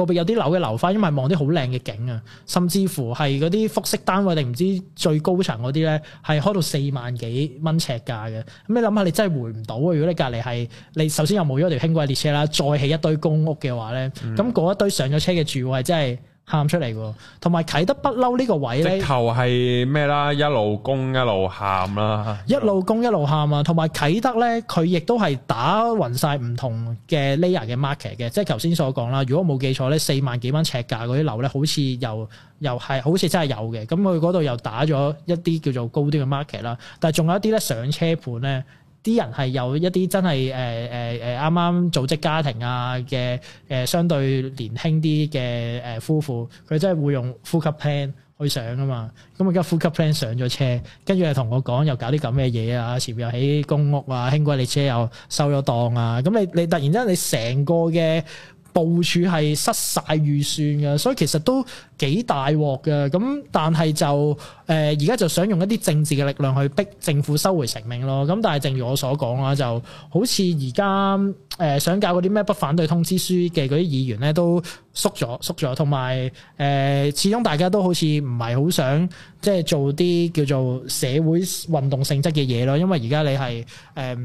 個別有啲樓嘅樓花，因為望啲好靚嘅景啊，甚至乎係嗰啲複式單位定唔知最高層嗰啲咧，係開到四萬幾蚊尺價嘅。咁你諗下，你真係回唔到啊！如果你隔離係你首先又冇咗條輕軌列車啦，再起一堆公屋嘅話咧，咁嗰、嗯、一堆上咗車嘅住戶係真係～喊出嚟喎，同埋啟德不嬲呢個位咧，直頭係咩啦？一路攻一路喊啦，一路攻一路喊啊！同埋啟德咧，佢亦都係打勻晒唔同嘅 layer 嘅 market 嘅，即係頭先所講啦。如果我冇記錯咧，四萬幾蚊尺價嗰啲樓咧，好似又又係好似真係有嘅。咁佢嗰度又打咗一啲叫做高端嘅 market 啦，但係仲有一啲咧上車盤咧。啲人係有一啲真係誒誒誒啱啱組織家庭啊，嘅誒、呃，相對年輕啲嘅誒夫婦，佢真係會用呼吸 plan 去上啊嘛。咁而家呼吸 plan 上咗車，跟住又同我講又搞啲咁嘅嘢啊，前面又起公屋啊，輕軌列車又收咗檔啊。咁你你突然之間你成個嘅～部署係失晒預算嘅，所以其實都幾大鑊嘅。咁但係就誒，呃、而家就想用一啲政治嘅力量去逼政府收回成命咯。咁但係正如我所講啦，就好似而家誒想搞嗰啲咩不反對通知書嘅嗰啲議員咧，都縮咗縮咗。同埋誒，始終大家都好似唔係好想即係、就是、做啲叫做社會運動性質嘅嘢咯。因為而家你係誒。呃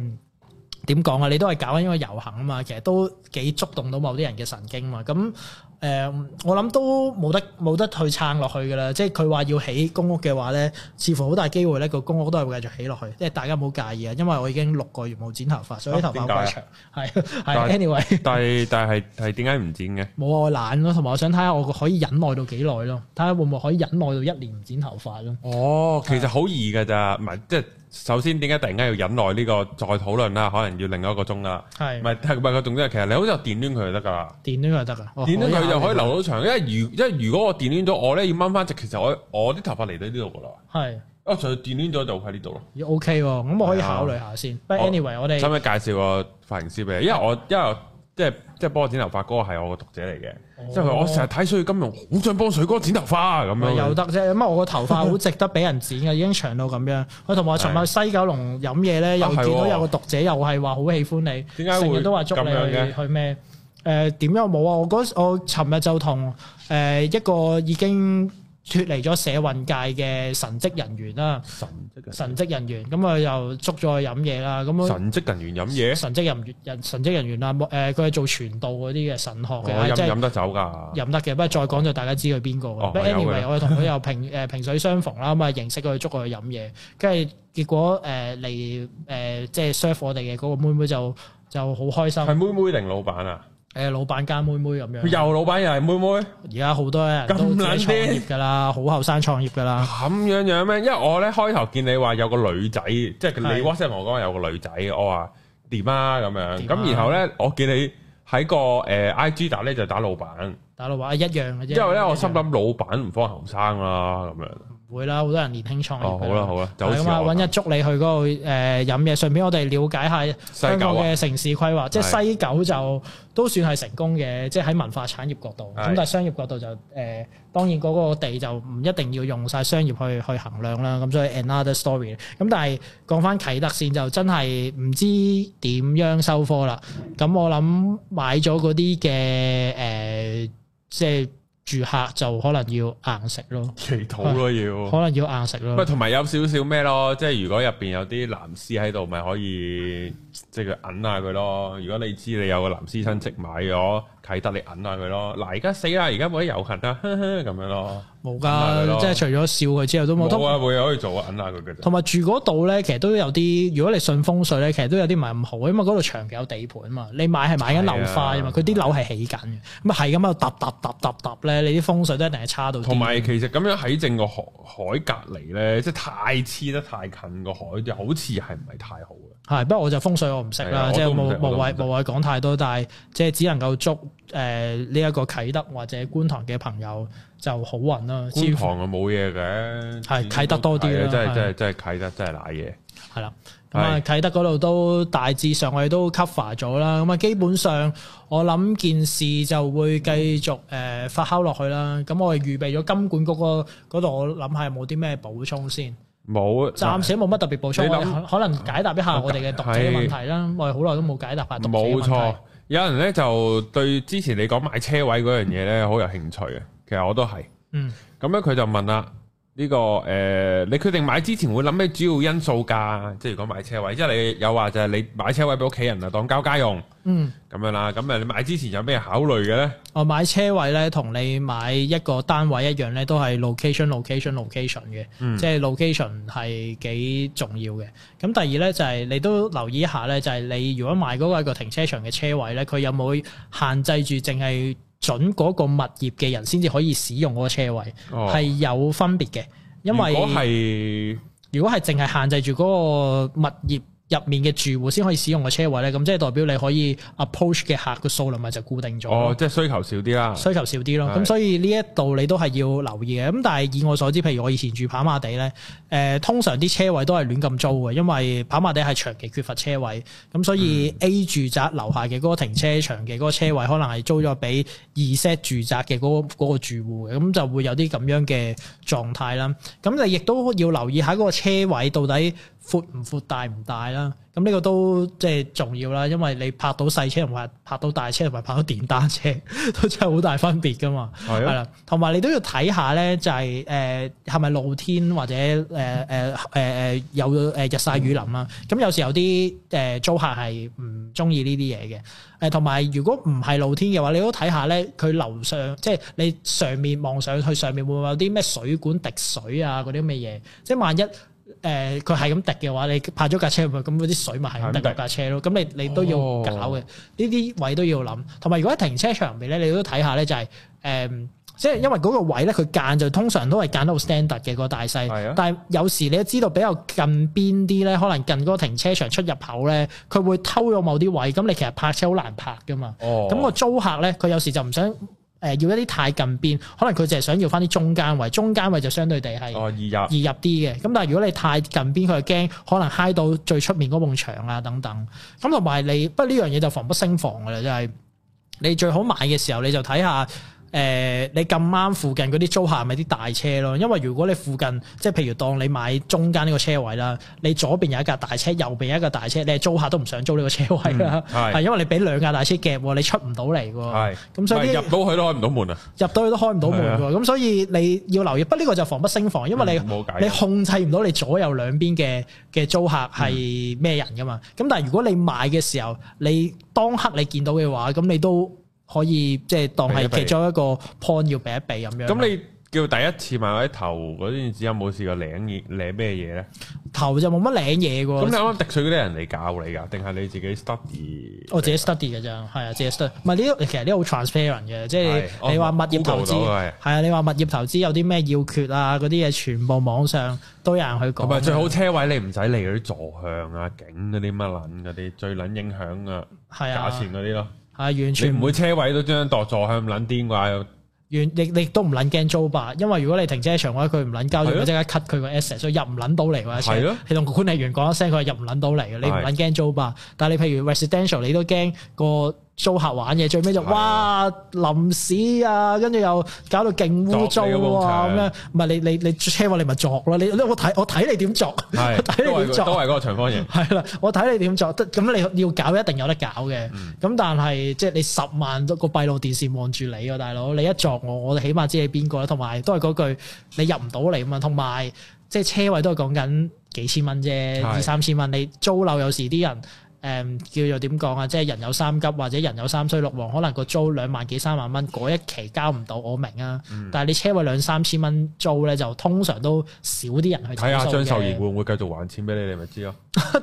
點講啊？你都係搞緊因為遊行啊嘛，其實都幾觸動到某啲人嘅神經嘛。咁誒，我諗都冇得冇得去撐落去噶啦。即係佢話要起公屋嘅話咧，似乎好大機會咧個公屋都係會繼續起落去。即係大家唔好介意啊，因為我已經六個月冇剪頭髮，所以頭髮好長。係係 anyway，但係但係係點解唔剪嘅？冇啊，我懶咯，同埋我想睇下我可以忍耐到幾耐咯，睇下會唔會可以忍耐到一年唔剪頭髮咯。哦，其實好易噶咋，唔係即係。首先，點解突然間要忍耐呢個再討論啦？可能要另外一個鐘啦。係的，唔係係唔係，個總之係其實你好似電燜佢就得㗎，電燜就得㗎，電燜佢就可以留到長。因為如因為如果我電燜咗，我咧要掹翻直，其實我我啲頭髮嚟到呢度㗎啦。係的，我除 okay，哦，就電燜咗就喺呢度咯。要 OK 喎，咁我可以考慮下先。But 的 anyway，我哋使唔使介紹個髮型師俾你？因為我因為，我因為我即係。即係幫我剪頭髮，嗰個係我個讀者嚟嘅。哦、即係我成日睇《水金融》，好想幫水哥剪頭髮啊！咁樣又得啫，因為我個頭髮好值得俾人剪啊， 已經長到咁樣。佢同我尋日去西九龍飲嘢咧，的又見到有個讀者又係話好喜歡你，點解成日都話祝你去咩？誒、呃，點樣冇啊？我嗰我尋日就同誒、呃、一個已經。脫離咗社運界嘅神職人員啦，神職神職人員咁啊，又捉咗去飲嘢啦，咁神職人員飲嘢？神職人員人神職人員啦，誒佢係做傳道嗰啲嘅神學嘅，即係飲得酒㗎，飲得嘅，不過再講就大家知佢邊個。Anyway，我哋同佢又平誒萍水相逢啦，咁啊認識佢，捉佢去飲嘢，跟住結果誒嚟誒即係 serve 我哋嘅嗰個妹妹就就好開心，係妹妹定老闆啊？誒，老闆加妹妹咁樣，又老闆又係妹妹，而家好多人都喺創業噶啦，好後生創業噶啦，咁樣樣咩？因為我咧開頭見你話有個女仔，即係你，WhatsApp？我講有個女仔，我話點啊咁樣，咁然後咧我見你喺個誒 IG 打咧就打老闆，打老闆一樣嘅啫。因為咧我心諗老闆唔放後生啦，咁樣。會啦，好多人年輕創業。哦，好啦好啦，咁啊搵日捉你去嗰度誒飲嘢，順便我哋瞭解下香港嘅城市規劃。即係西九就都算係成功嘅，即係喺文化產業角度。咁但係商業角度就誒，當然嗰個地就唔一定要用晒商業去去衡量啦。咁所以 another story。咁但係講返啟德線就真係唔知點樣收科啦。咁我諗買咗嗰啲嘅誒，即係。住客就可能要硬食咯，祈禱咯要，可能要硬食咯。唔同埋有少少咩咯，即係如果入邊有啲藍絲喺度，咪可以即係揞下佢咯。如果你知你有個藍絲親戚買咗啟德，得你揞下佢咯。嗱而家死啦，而家冇得遊行啊，咁樣咯。冇㗎，即係除咗笑佢之後都冇。得啊，冇嘢有可以做，揞下佢嘅。同埋住嗰度咧，其實都有啲，如果你信風水咧，其實都有啲唔係咁好，因為嗰度長期有地盤啊嘛，你買係買緊樓花啊嘛，佢啲樓係起緊嘅，咁啊係咁喺度揼揼揼揼揼咧，你啲風水都一定係差到。同埋其實咁樣喺正個海海隔籬咧，即係太黐得太近個海，又好似係唔係太好。係，不過我就風水我唔識啦，即係冇無謂無謂謂講太多，但係即係只能夠祝誒呢一個啟德或者觀塘嘅朋友就好運啦。觀塘啊冇嘢嘅，係啟乎的德多啲啦，真係真係真係啟德真係瀨嘢。係啦，咁啊啟德嗰度都大致上我哋都 cover 咗啦，咁啊基本上我諗件事就會繼續誒發酵落去啦。咁我哋預備咗金管局、嗰個，嗰度，我諗下有冇啲咩補充先。冇，暫時冇乜特別補充，想可能解答一下我哋嘅讀者嘅問題啦。是我哋好耐都冇解答埋讀者問題。冇錯，有人咧就對之前你講買車位嗰樣嘢咧好有興趣嘅，其實我都係。嗯，咁咧佢就問啦。呢、這個誒、呃，你決定買之前會諗咩主要因素㗎？即係如果買車位，即係你有話就係你買車位俾屋企人啊，當交家用，嗯，咁樣啦。咁誒，你買之前有咩考慮嘅咧？我買車位咧，同你買一個單位一樣咧，都係 loc location，location，location 嘅，即係、嗯、location 係幾重要嘅。咁第二咧就係、是、你都留意一下咧，就係、是、你如果買嗰個一個停車場嘅車位咧，佢有冇限制住淨係准嗰個物業嘅人先至可以使用嗰個車位，係、哦、有分別嘅，因為如果係如果係淨係限制住嗰個物業。入面嘅住戶先可以使用嘅車位咧，咁即係代表你可以 approach 嘅客嘅數量咪就固定咗。哦，即係需求少啲啦。需求少啲咯，咁是所以呢一度你都係要留意嘅。咁但係以我所知，譬如我以前住跑馬地咧，誒、呃，通常啲車位都係亂咁租嘅，因為跑馬地係長期缺乏車位，咁所以 A 住宅樓下嘅嗰個停車場嘅嗰個車位，可能係租咗俾二 set 住宅嘅嗰個嗰個住戶嘅，咁就會有啲咁樣嘅狀態啦。咁你亦都要留意下嗰個車位到底。闊唔闊大唔大啦，咁呢個都即係重要啦，因為你拍到細車同埋拍到大車同埋拍到電單車，都真係好大分別噶嘛。係啦的，同埋你都要睇下咧、就係，就係誒係咪露天或者誒誒誒誒有誒日曬雨淋啦。咁、嗯、有時有啲誒租客係唔中意呢啲嘢嘅。誒、呃，同埋如果唔係露天嘅話，你都睇下咧，佢樓上即係你上面望上去上面會唔會有啲咩水管滴水啊嗰啲咁嘅嘢？即係萬一。誒佢係咁滴嘅話，你泊咗架車咁，咁嗰啲水咪係咁滴架車咯。咁、哦、你你都要搞嘅，呢啲、哦、位都要諗。同埋如果喺停車場入面咧，你都睇下咧、就係，就係誒，即係因為嗰個位咧，佢間就係、通常都係間到 standard 嘅個大細。但係有時你都知道比較近邊啲咧，可能近嗰個停車場出入口咧，佢會偷咗某啲位，咁你其實泊車好難泊噶嘛。哦，咁個租客咧，佢有時就唔想。誒要一啲太近邊，可能佢淨係想要翻啲中間位，中間位就相對地係哦易入易入啲嘅。咁但係如果你太近邊，佢又驚可能嗨到最出面嗰埲牆啊等等。咁同埋你不過呢樣嘢就防不勝防㗎啦，就係、是、你最好買嘅時候你就睇下。誒，你咁啱附近嗰啲租客係咪啲大車咯？因為如果你附近，即係譬如當你買中間呢個車位啦，你左邊有一架大車，右邊有一架大車，你係租客都唔想租呢個車位啦，係因為你俾兩架大車夾，你出唔到嚟喎。係，咁所以入到去都開唔到門啊！入到去都開唔到門㗎，咁所以你要留意。不過呢個就防不勝防，因為你你控制唔到你左右兩邊嘅嘅租客係咩人㗎嘛。咁但係如果你買嘅時候，你當刻你見到嘅話，咁你都。可以即係當係其中一個 point 要比一比咁樣。咁你叫第一次埋喺頭嗰段時有冇試過領嘢領咩嘢咧？呢頭就冇乜領嘢喎。咁、嗯、你啱啱滴水嗰啲人嚟搞你噶？定係你自己 study？我、哦、麼自己 study 嘅啫，係啊，自己 study。唔係呢啲，其實呢啲好 transparent 嘅，即係你你話物業投資，係、哦就是、啊，啊，你話物業投資有啲咩要訣啊？嗰啲嘢全部網上都有人去講。唔係最好車位你唔使理嗰啲坐向啊、景嗰啲乜撚嗰啲，最撚影響啊係啊，價錢嗰啲咯。係完全唔會車位都張張度坐，係唔撚癲？啩？原亦亦都唔撚驚租吧？因為如果你停車場嘅話，佢唔撚交，如果即刻 cut 佢個 asset，所以入唔撚到嚟嘅話，係咯的。你同個管理員講一聲，佢入唔撚到嚟嘅，你唔撚驚租吧？的但係你譬如 residential，你都驚個。租客玩嘢，最尾就哇淋了屎啊！跟住又搞到勁污糟啊！咁樣，唔係你你你車位你咪作啦！你因我睇我睇你點作，睇你點作都係嗰個長方形。係啦，我睇你點作，咁你要搞，一定，要搞一定有得搞嘅。咁、嗯、但係即係你十萬、個閉路電視望住你，啊，大佬你一作我，我哋起碼知你邊個啦。同埋都係嗰句，你入唔到嚟嘛？同埋即係車位都係講緊幾千蚊啫，二對對三千蚊。你租樓有時啲人，人。誒、嗯、叫做點講啊？即係人有三急或者人有三衰六旺，可能個租兩萬幾三萬蚊嗰一期交唔到，我明啊。但係你車位兩三千蚊租咧，就通常都少啲人去睇下、嗯、張秀賢會唔會繼續還錢俾你，你咪知咯。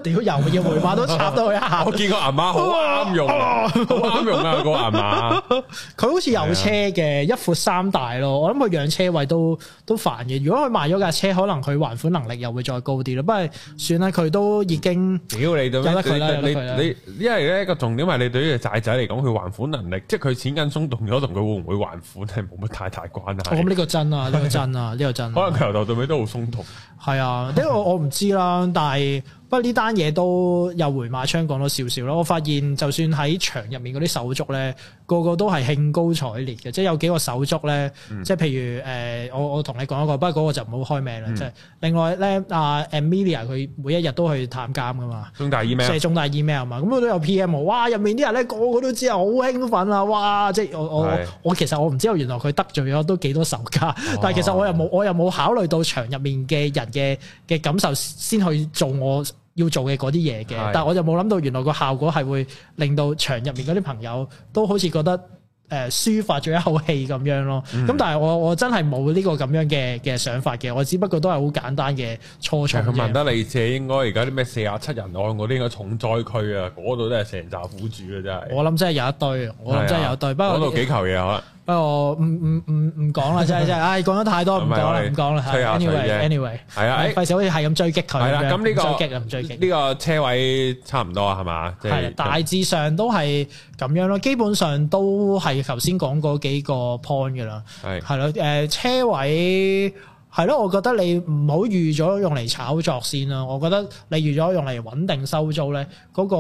屌 又要回話都差到多一 我見個阿媽好啱用，好啱用啊個阿媽。佢好似有車嘅，一闊三大咯。我諗佢養車位都都煩嘅。如果佢賣咗架車，可能佢還款能力又會再高啲咯。不過算啦，佢都已經屌、啊、你到，由得佢啦。你，因為咧個重點係你對於債仔嚟講，佢還款能力，即係佢錢緊鬆動咗，同佢會唔會還款係冇乜太大關係。我諗呢個真啊，呢、呢個真啊，呢 個真、啊。 可能由頭到尾都好鬆動。係啊，呢個 我唔知啦，但係。不過呢單嘢都又回馬槍講咗少少咯。我發現就算喺場入面嗰啲手足咧，個個都係興高采烈嘅，即係有幾個手足咧，即係譬如誒，我我同你講一個，不過嗰個就唔好開名啦。即係另外咧，阿 Emilia 佢每一日都去探監噶嘛，中大 email 嘛，咁佢都有 PM，哇入面啲人咧個個都知啊，好興奮啊，哇！即係我我我其實我唔知道，原來佢得罪咗都幾多仇家，但係其實我又冇我又冇考慮到場入面嘅人嘅嘅感受先去做我。要做嘅嗰啲嘢嘅，是的 但係我就冇諗到原來個效果係會令到場入面嗰啲朋友都好似覺得。誒抒發咗一口氣咁樣咯，咁但係我我真係冇呢個咁樣嘅嘅想法嘅，我只不過都係好簡單嘅初衷嘅。問得你啫，應該而家啲咩四十七人案嗰啲應該重災區啊，嗰度都係成紮苦主嘅真係。我諗真係有一堆，我諗真係有一堆。嗰度幾球嘢嚇。不過唔唔唔唔講啦，真係真係，唉講得太多唔講啦，唔講啦。Anyway，anyway，係啊，費事好似係咁追擊佢。係咁呢個追擊啊，唔追擊。呢個車位差唔多啊，係嘛？係大致上都係咁樣咯，基本上都係。你頭先講嗰幾個 point 嘅啦，係係咯，誒車位係咯，我覺得你唔好預咗用嚟炒作先啦。我覺得你預咗用嚟穩定收租咧，嗰個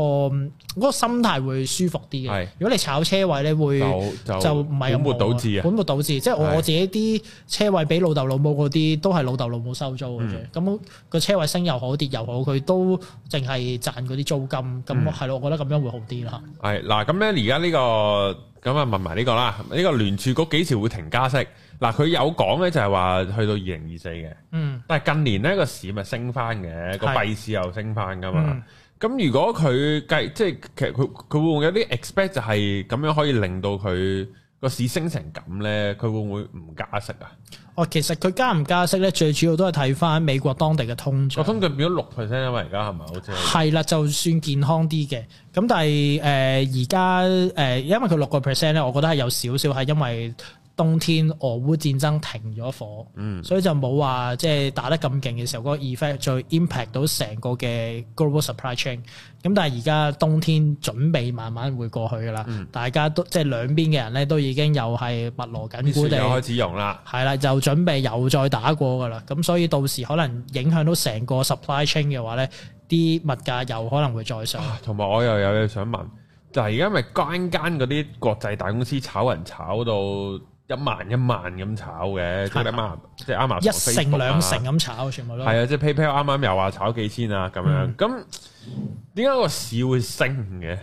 嗰個心態會舒服啲嘅。係，如果你炒車位咧，會就唔係咁好啊，本末倒置啊！本末倒置，係即係我自己啲車位俾老豆老母嗰啲，都係老豆老母收租嘅啫。咁、嗯、個車位升又好跌又好，佢都淨係賺嗰啲租金。咁係咯，我覺得咁樣會好啲啦。係嗱、嗯，咁咧而家呢個。咁啊，問埋呢個啦，呢、呢個聯儲局幾時會停加息？嗱，佢有講咧，就係話去到二零二四嘅。嗯。但係近年呢個市咪升翻嘅，個幣市又升翻㗎嘛。咁、嗯、如果佢計，即係其實佢佢會有啲 expect 就係咁樣可以令到佢。個市升成咁咧，佢會唔會唔加息啊？哦，其實佢加唔加息咧，最主要都係睇翻美國當地嘅通脹。個通脹變咗六 percent 啦，因為而家係咪？好似係啦，就算健康啲嘅，咁但係誒而家誒，因為佢六個 percent 咧，我覺得係有少少係因為。冬天俄烏戰爭停咗火，嗯、所以就冇話即係打得咁勁嘅時候，嗰、嗰個 effect 再 impact 到成個嘅 global supply chain。咁但係而家冬天準備慢慢會過去噶啦，嗯、大家都即係兩邊嘅人咧都已經又係密鑼緊鼓地，啲船又開始用啦，係啦，就準備又再打過噶啦。咁所以到時可能影響到成個 supply chain 嘅話咧，啲物價又可能會再上。同埋、啊、我又有嘢想問，就係而家咪間間嗰啲國際大公司炒人炒到，一萬一萬咁炒嘅，炒即係是啱，即係啱啱，一成兩成咁炒，全部都係啊！即係 PayPal 啱啱又話炒幾千啊咁、嗯、樣，咁點解個市會升嘅？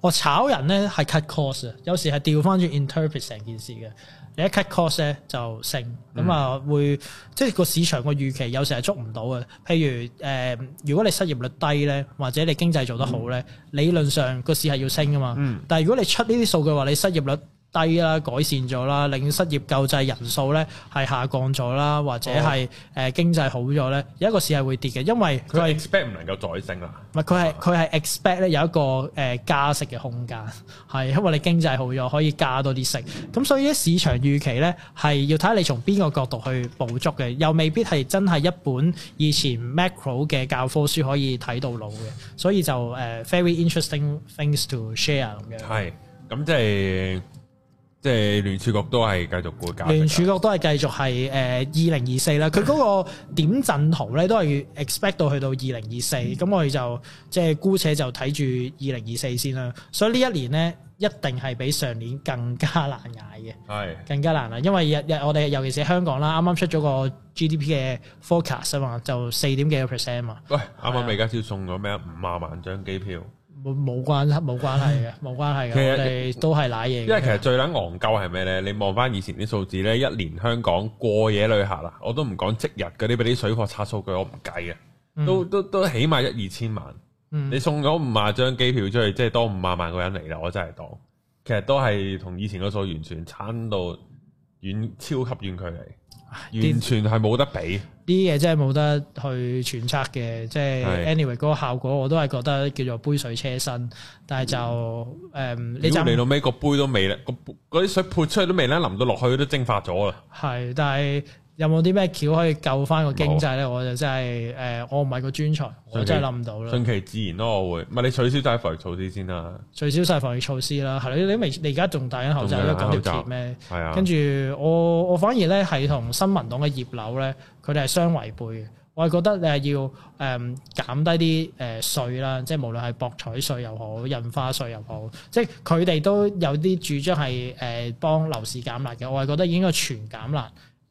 我炒人咧係 cut cost 啊，有時係調翻轉 interpret 成件事嘅。你一 cut cost 咧就升，咁啊、嗯、會即係個市場個預期有時係捉唔到嘅。譬如誒、呃，如果你失業率低咧，或者你經濟做得好咧，嗯、理論上個市係要升㗎嘛。嗯、但係如果你出呢啲數據話你失業率，低啦，改善咗啦，令失業救濟人數咧係下降咗啦，或者係誒經濟好咗咧，有一個市係會跌嘅，因為佢係 expect 唔能夠再升啦。唔係佢係佢係 expect 咧有一個誒加息嘅空間，係因為你經濟好咗可以加多啲息，咁所以咧市場預期咧係要睇你從邊個角度去捕捉嘅，又未必係真係一本以前 macro 嘅教科書可以睇到老嘅，所以就誒 very interesting things to share 咁樣。係，咁即係。即係聯儲局都係繼續估緊，聯儲局都係繼續係誒二零二四啦。佢嗰個點陣圖咧都係 expect 到去到二零二四，咁我哋就即係、就是、姑且就睇住二零二四先啦。所以呢一年咧一定係比上年更加難捱嘅，係是更加難啦。因為日日我哋尤其是香港啦，啱啱出咗個 GDP 嘅 forecast 啊嘛，就四點幾個 percent 啊嘛。喂，啱啱咪家超送咗咩？五十萬張機票。冇冇關冇關係嘅，冇關係嘅，其實我哋都係攋嘢。因為其實最撚昂鳩係咩呢？你望翻以前啲數字呢，一年香港過夜旅客啦，我都唔講即日嗰啲俾啲水貨刷數據，我唔計嘅，都、嗯、都，都起碼一二千萬。嗯、你送咗五萬張機票出去，即係多五萬萬個人嚟啦，我真係當。其實都係同以前嗰數完全差到遠，超級遠距離。完全係冇得比，啲嘢真係冇得去揣測嘅。即係是的 anyway，嗰個效果我都係覺得叫做杯水車薪，但係就誒，嗯嗯、你就嚟到尾個杯都未啦，個嗰啲水潑出去都未咧，淋到落去都蒸發咗啦。係，但係。有冇啲咩橋可以救翻個經濟咧？有、就是呃？我就真係誒，我唔係個專才，其我真係諗唔到啦。順其自然咯，我會唔係你取消晒防疫措施先啦？取消晒防疫措施啦，係啦，你未？你而家仲戴緊口罩，你講條鐵咩？係啊的。跟住我，我反而咧係同新民黨嘅葉劉咧，佢哋係相違背嘅。我係覺得誒要誒、嗯、減低啲誒稅啦，即係無論係博彩稅又好，印花稅又好，即係佢哋都有啲主張係誒、呃、幫樓市減辣嘅。我係覺得應該全減辣。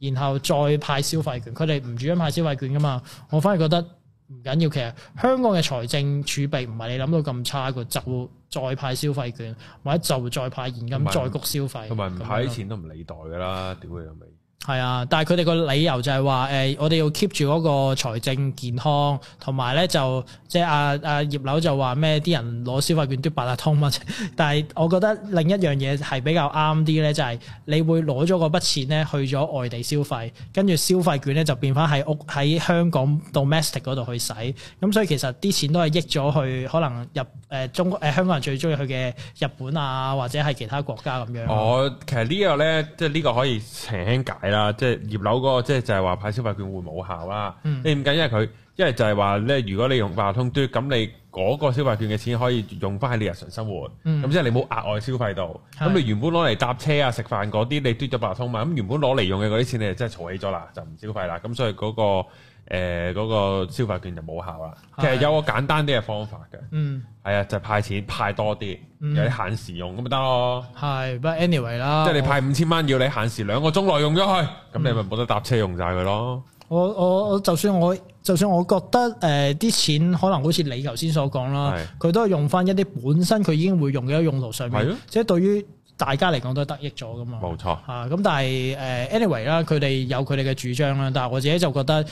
然後再派消費券，佢哋唔主張派消費券噶嘛？我反而覺得唔緊要，其實香港嘅財政儲備唔係你諗到咁差，個就再派消費券，或者就再派現金有再谷消費，同埋唔派啲錢都唔理袋㗎啦，屌你老味！係啊，但係佢哋個理由就係話，誒、呃，我哋要 keep 住嗰個財政健康，同埋咧就即係阿阿葉劉就話咩啲人攞消費券嘟八達通乜，但係我覺得另一樣嘢係比較啱啲咧，就係、是、你會攞咗嗰筆錢咧去咗外地消費，跟住消費券咧就變翻喺屋喺香港 domestic 嗰度去使，咁所以其實啲錢都係益咗去可能入誒、呃、中誒、呃、香港人最中意去嘅日本啊，或者係其他國家咁樣。哦，其實個呢個咧即係呢個可以請解。啊，即、就、係、是、葉劉嗰、那個，即係就係、是、話派消費券會冇效啦。你點解？因為佢，因為就係話咧，如果你用八達通嘟，咁你嗰個消費券嘅錢可以用翻喺你日常生活，咁即係你冇額外消費到。咁、嗯、你原本攞嚟搭車啊、食飯嗰啲，你嘟咗八達通嘛，咁原本攞嚟用嘅嗰啲錢，你就真係儲起咗啦，就唔消費啦。咁所以嗰、那個。誒嗰、呃嗰個消費券就冇效啦，其實有個簡單啲嘅方法嘅，嗯的，係啊，就係、派錢派多啲，嗯、有啲限時用咁咪得咯，係，不過 anyway 啦，即係你派五千蚊，我要你限時兩個鐘內用咗佢，咁你咪冇得搭車用晒佢咯。我我我就算我就算我覺得誒啲、呃、錢可能好似你頭先所講啦，佢的都係用翻一啲本身佢已經會用嘅用途上面，即係的對於大家嚟講都係得益咗噶嘛，冇錯啊。咁但係誒 anyway 啦，佢哋有佢哋嘅主張啦，但係我自己就覺得。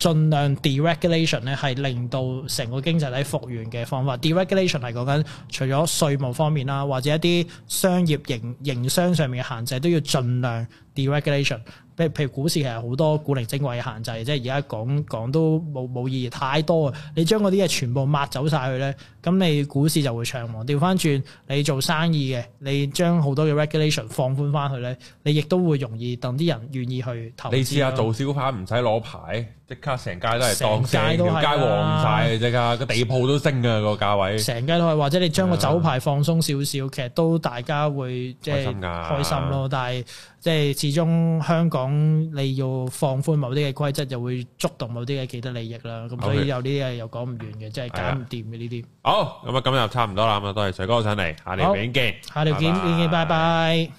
盡量 de-regulation 咧，係令到成個經濟體復原嘅方法。de-regulation 係講緊除咗稅務方面啦，或者一啲商業營營商上面嘅限制，都要盡量 de-regulation。譬如股市其實好多古靈精怪嘅限制，即係而家講講都冇冇意義，太多啊！你將嗰啲嘢全部抹走晒去咧，咁你股市就會暢旺。調翻轉，你做生意嘅，你將好多嘅 regulation 放寬翻去咧，你亦都會容易等啲人願意去投資。你知啊，做小販唔使攞牌，即刻成街都係當正，條街旺曬，即刻個地鋪都升啊、嗰個價位。成街都係，或者你將個酒牌放鬆少少，其實都大家會即係、啊開,啊、開心咯，但係。即係始終香港你要放寬某啲嘅規則，就會觸動某啲嘅其他利益啦。咁 Okay. 所以有啲嘢又講唔完嘅，即係搞唔掂嘅呢啲。好，咁啊，就差唔多啦。咁啊，多謝水哥上嚟，下條片見，好下條見，見拜見拜拜。